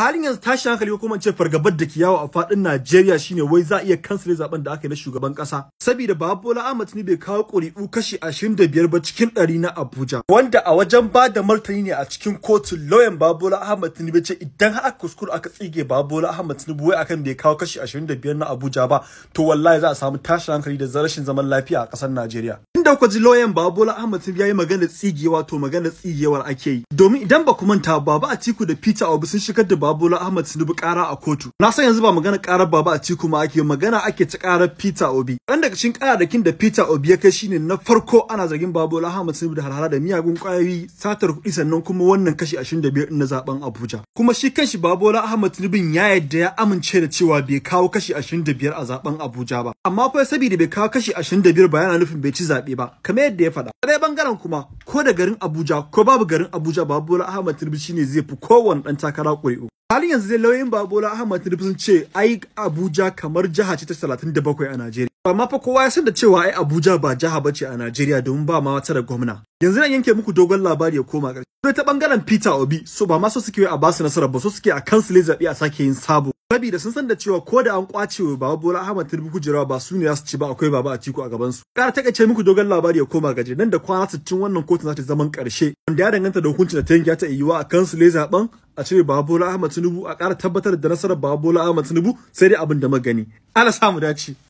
halin yanzu tashin hankali ko kuma ce fargabar da ke yawo a fadin Najeriya shine wai za a iya kansile zaben da aka yi na shugaban kasa saboda Babu Bola Ahmed Tinubu bai kawo ƙuri'u kashi 25 ba cikin 100 na Abuja wanda a wajen ba da martani ne a cikin kotun lauyan Babu Bola Ahmed Tinubu ce idan har kuskure aka tsige Babu Bola Ahmed Tinubu wai akan bai kawo kashi 25 na Abuja ba to wallahi za a samu tashin hankali da rashin zaman lafiya a kasar Najeriya da kuka ji loyan Babola Ahmad Tinubu yayi magana tsigewa to magana tsigewar ake yi domin idan ba ku manta Baba Atiku da Peter Obi sun shigar da Babola Ahmad bi kara a kotu na san yanzu ba magana karar Baba Atiku ma ake magana ake ta karar Peter Obi dan daga cikin kara da Peter Obi ya kai shine na farko ana zargin Babola Ahmad bi da harhara da miyagun kwayoyi satar kuɗi sannan kuma wannan kashi 25 na zaben Abuja kuma shi kanshi Babola Ahmad Tinubu ya yadda ya amince da cewa bai kawo kashi 25 a zaben Abuja ba amma fa saboda bai kawo kashi 25 ba yana nufin bai ci zabe ba ba kamar yadda ya faɗa dai bangaren kuma ko da garin Abuja ko babu garin Abuja babu Bola Ahmad Tinubu shine zai fi kowanne dan takara ƙuri'u halin yanzu dai lauyoyin Babola Ahmad Tinubu sun ce ai Abuja kamar jiha ce ta 37 a Najeriya ma fa kowa ya san da cewa ai Abuja ba jiha ba ce a Najeriya domin ba ma wata da gwamna yanzu nan yanke muku dogon labari ya koma ƙarshe ta bangaren Peter Obi so ba ma so suke a basu nasara ba so suke a kansu zabi a sake yin sabo saboda sun san da cewa ko da an kwace wa Baba Bola Ahmad Tinubu kujera ba su ne za su ci ba akwai Baba a Atiku a gaban su. Ƙara kace muku dogon labari ya koma gaje nan da kwana 60 wannan kotun za ta zaman ƙarshe wanda ya danganta da hukuncin da ta yanke ta yiwuwa a kansule zaben a cire Baba Bola Ahmad Tinubu a kara tabbatar da nasarar Baba Bola Ahmad Tinubu sai dai abin da magani. Allah samu dace.